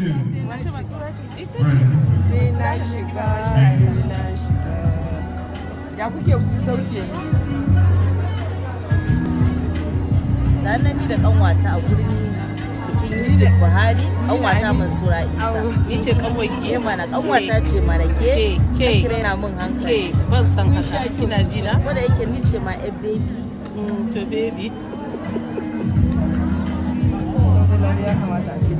sai kuke sauke nan ni da kanwata a gurin bikin Yusuf Buhari kanwata Mansura Isa ni ce kanwai ke mana kanwata ce mana ke ke kira hankali ke ban san haka kina ji na wanda yake ni ce ma eh baby to baby ya kamata a ce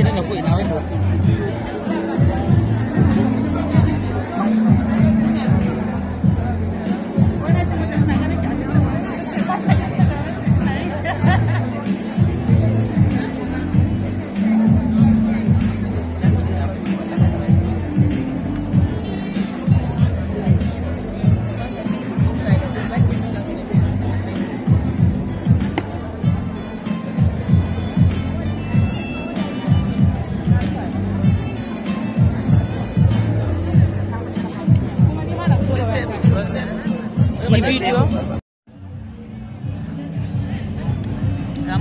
他那个不会拿回去。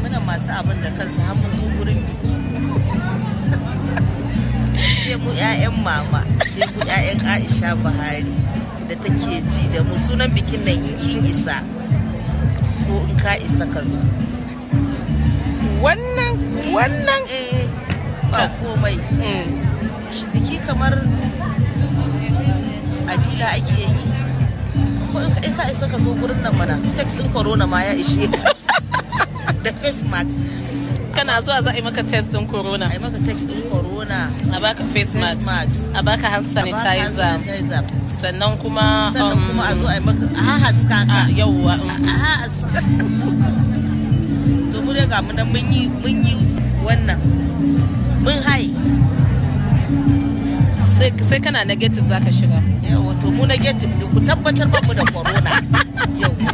muna masu abin da kansu har mun zo gurin biki sai mu ƴaƴan mama sai mu ƴaƴan aisha buhari da take ji da mu sunan bikin nan kin isa ko in ka isa ka zo wannan wannan eh, ba komai mm. biki kamar abila ake yi in ka isa ka zo gurin nan mana taxin corona ma ya ishe ka da face mask kana zuwa za a yi maka test din corona a yi maka test din corona a baka face mask a baka hand sanitizer sannan kuma sannan kuma a zo a yi maka a haska ka ah, yawwa a haska to mu ga mu nan mun yi mun yi wannan mun hai sai kana negative zaka shiga yawwa to mu negative ne ku tabbatar ba mu da corona yau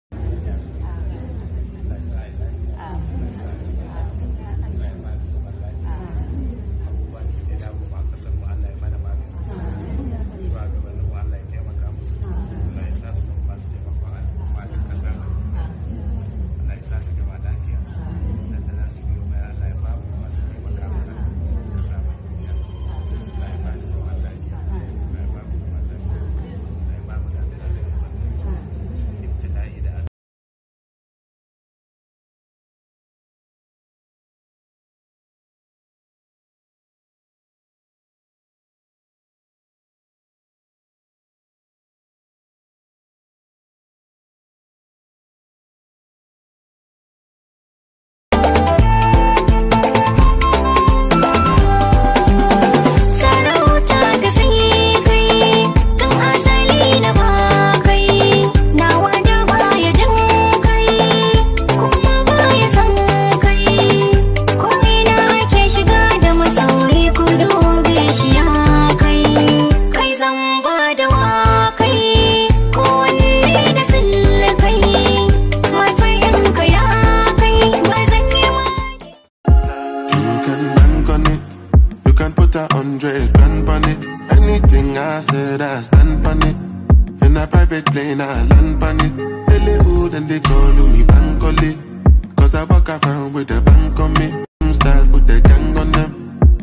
walk around with a bank on me. I'm style with the gang on them.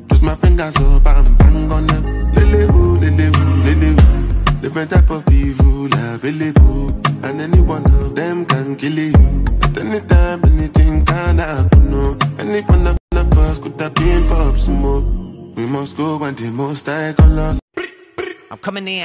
Twist my fingers up and bang on them. Lily woo, lily woo, lily woo. Different type of evil available. And any one of them can kill you. At any time, anything can happen. No. Any one of us could have been pop smoke. We must go and the most I got lost. I'm coming in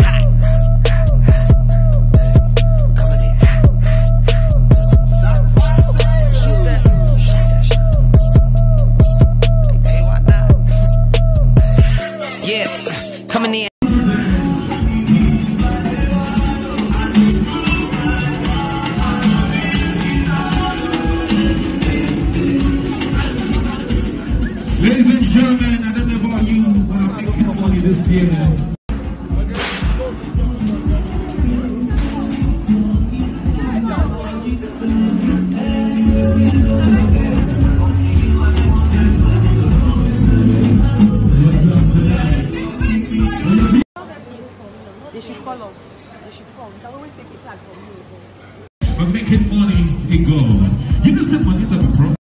coming in. Ladies and gentlemen, I don't know about you, but I'm thinking money this year. call us. They should come. You can always take a tag from But making money a goal. You know, money is a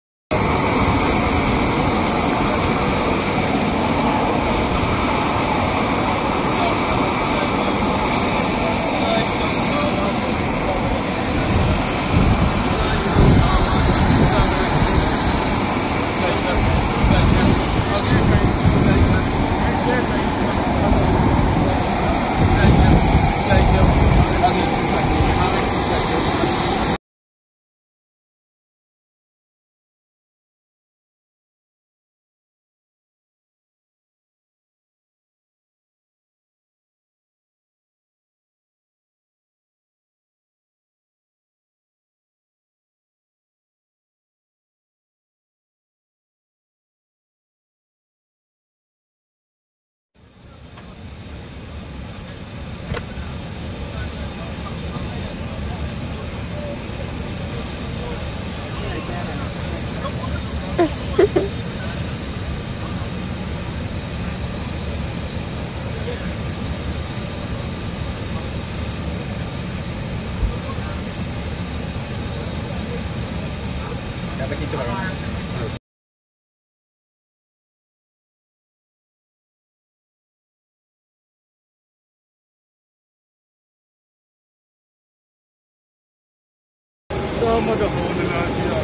ما دخول العشيرة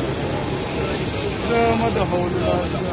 لا ما دخول العشيرة